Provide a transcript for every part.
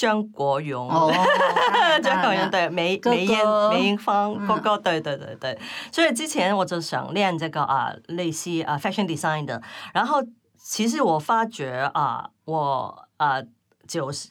張國榮、oh, 張、oh, right, right, right. 國榮對，梅梅艷梅艷芳，哥哥，對對對對、嗯。所以之前我就想練這個啊，類似啊 fashion design 的，然後其實我發覺啊，我啊就是。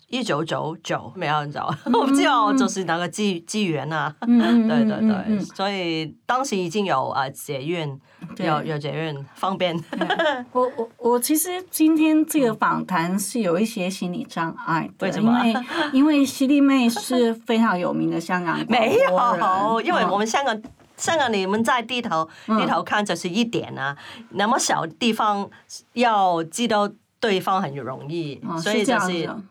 一九九九，沒有人做。嗯、 我不知道，就是那個機機緣啊。嗯、 對對對、嗯嗯嗯，所以當時已經有啊、呃、捷運，有有捷運，方便。 我我我其實今天這個訪談是有一些心理障礙，為什麼？因為，因為犀利妹是非常有名的香港人，沒有，因為我們香港、嗯、香港你們在地頭、嗯、地頭看就是一點啊那麼小地方要知道對方很容易，嗯、所以就是。嗯是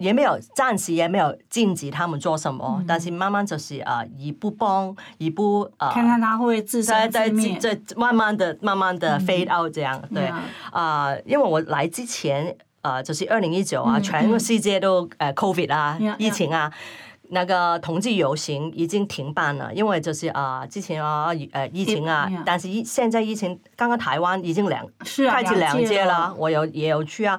也沒有，暫時也沒有禁止他們做什麼，嗯、但是慢慢就是啊，而不幫，而不啊，看、呃、看他，他會自生自滅在在，在，在，在慢慢的、慢慢的 fade out 這樣對這樣，嗯、對啊、嗯，因為我來之前，啊、呃，就是二零一九啊、嗯，全世界都誒 COVID 啊、嗯，疫情啊，嗯、那個同志遊行已經停辦了、嗯，因為就是啊，之前啊疫情啊、嗯，但是現在疫情，剛剛台灣已經兩，是啊，開咗兩屆啦，我有也有去啊。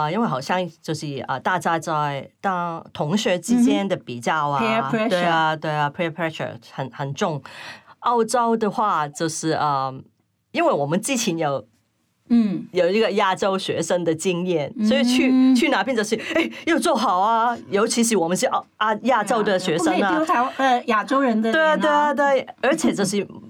啊，因為好像就是啊，大家在當同學之間的比較啊，對啊，對啊 peer pressure，很很重。澳洲的話就是啊，因為我們之前有嗯有一個亞洲學生的經驗，所以去去那邊就是誒、哎、要做好啊，尤其是我們是啊亞洲的學生啊，亞洲人的對對啊對，對，而且就是。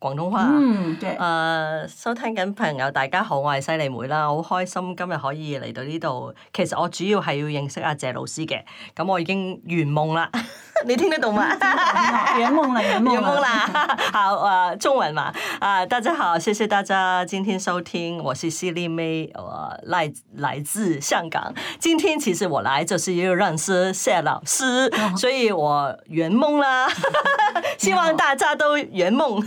廣東話、啊嗯嗯、收聽緊朋友，大家好，我係茜利妹啦，好開心今日可以嚟到呢度。其實我主要係要認識阿謝老師嘅，咁我已經圓夢啦。你聽得到嗎圓、嗯嗯嗯、夢啦，圓夢啦、嗯嗯。好誒、啊，中文嘛。誒、啊，大家好，謝謝大家今天收聽，我是茜利妹，我來,來自香港。今天其實我來就是要認識謝老師，所以我圓夢啦、哦。希望大家都圓夢。